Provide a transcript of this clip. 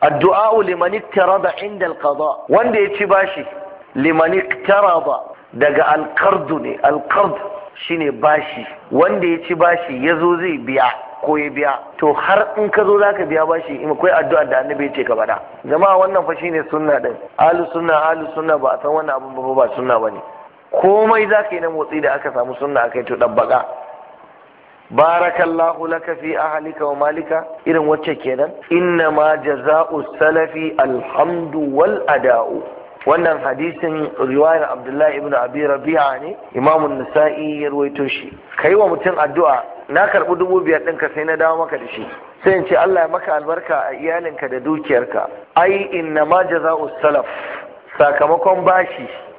addu'a liman iktarada inda alqada wanda ya ci bashi liman iktarada daga alqard ne alqard shine bashi wanda ya ci bashi yazo zai biya ko ya biya to har in ka zo zaka biya bashi in akwai addu'a da annabi ya ce ka bada jama'a wannan fa shine sunna din ahli sunna ahli sunna ba a san wannan abun ba ba sunna bane komai zaka yi na motsi da aka samu sunna akai to dabbaka barakallahu laka fi ahlika wa malika irin wacce kenan inna ma jaza'u salafi alhamdu wal ada'u wannan hadisin riwayar abdullahi ibn abi rabi'a ne imamun nasa'i ya ruwaito shi kai wa mutum addu'a na karɓi dubu biyar ɗinka sai na dawo maka da shi sai in ce Allah ya maka albarka a iyalinka da dukiyarka ai inna ma jaza'u salaf sakamakon bashi